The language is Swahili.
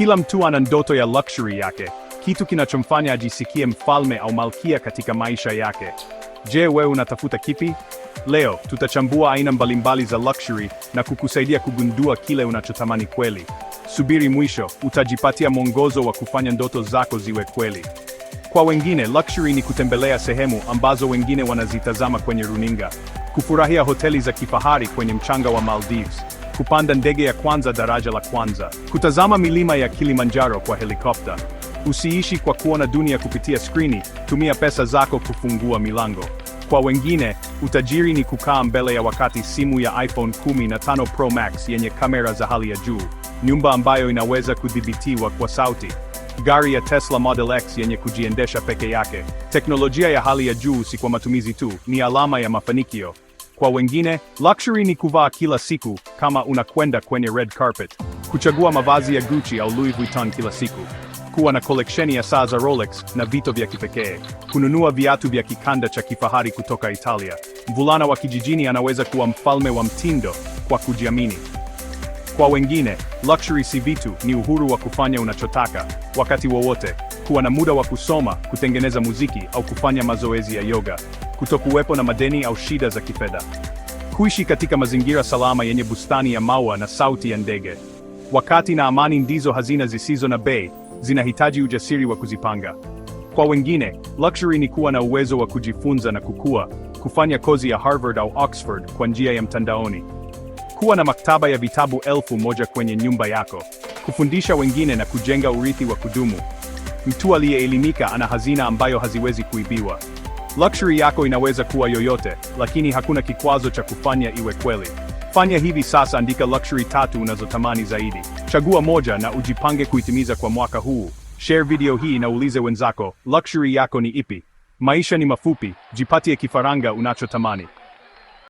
Kila mtu ana ndoto ya luxury yake, kitu kinachomfanya ajisikie mfalme au malkia katika maisha yake. Je, wewe unatafuta kipi? Leo tutachambua aina mbalimbali za luxury na kukusaidia kugundua kile unachotamani kweli. Subiri mwisho, utajipatia mwongozo wa kufanya ndoto zako ziwe kweli. Kwa wengine, luxury ni kutembelea sehemu ambazo wengine wanazitazama kwenye runinga, kufurahia hoteli za kifahari kwenye mchanga wa Maldives kupanda ndege ya kwanza daraja la kwanza, kutazama milima ya Kilimanjaro kwa helikopta. Usiishi kwa kuona dunia kupitia skrini, tumia pesa zako kufungua milango. Kwa wengine, utajiri ni kukaa mbele ya wakati simu ya iPhone 15 Pro Max yenye kamera za hali ya juu, nyumba ambayo inaweza kudhibitiwa kwa sauti, gari ya Tesla Model X yenye kujiendesha peke yake. Teknolojia ya hali ya juu si kwa matumizi tu, ni alama ya mafanikio. Kwa wengine, luxury ni kuvaa kila siku kama unakwenda kwenye red carpet, kuchagua mavazi ya Gucci au Louis Vuitton kila siku, kuwa na koleksheni ya saa za Rolex na vito vya kipekee, kununua viatu vya kikanda cha kifahari kutoka Italia. Mvulana wa kijijini anaweza kuwa mfalme wa mtindo kwa kujiamini. Kwa wengine, luxury si vitu, ni uhuru wa kufanya unachotaka wakati wowote, kuwa na muda wa kusoma, kutengeneza muziki au kufanya mazoezi ya yoga kutokuwepo na madeni au shida za kifedha, kuishi katika mazingira salama yenye bustani ya maua na sauti ya ndege. Wakati na amani ndizo hazina zisizo na bei, zinahitaji ujasiri wa kuzipanga. Kwa wengine, luxury ni kuwa na uwezo wa kujifunza na kukua, kufanya kozi ya Harvard au Oxford kwa njia ya mtandaoni, kuwa na maktaba ya vitabu elfu moja kwenye nyumba yako, kufundisha wengine na kujenga urithi wa kudumu. Mtu aliyeelimika ana hazina ambayo haziwezi kuibiwa. Luxury yako inaweza kuwa yoyote, lakini hakuna kikwazo cha kufanya iwe kweli. Fanya hivi sasa, andika luxury tatu unazotamani zaidi. Chagua moja na ujipange kuitimiza kwa mwaka huu. Share video hii na ulize wenzako, luxury yako ni ipi? Maisha ni mafupi, jipatie kifaranga unachotamani.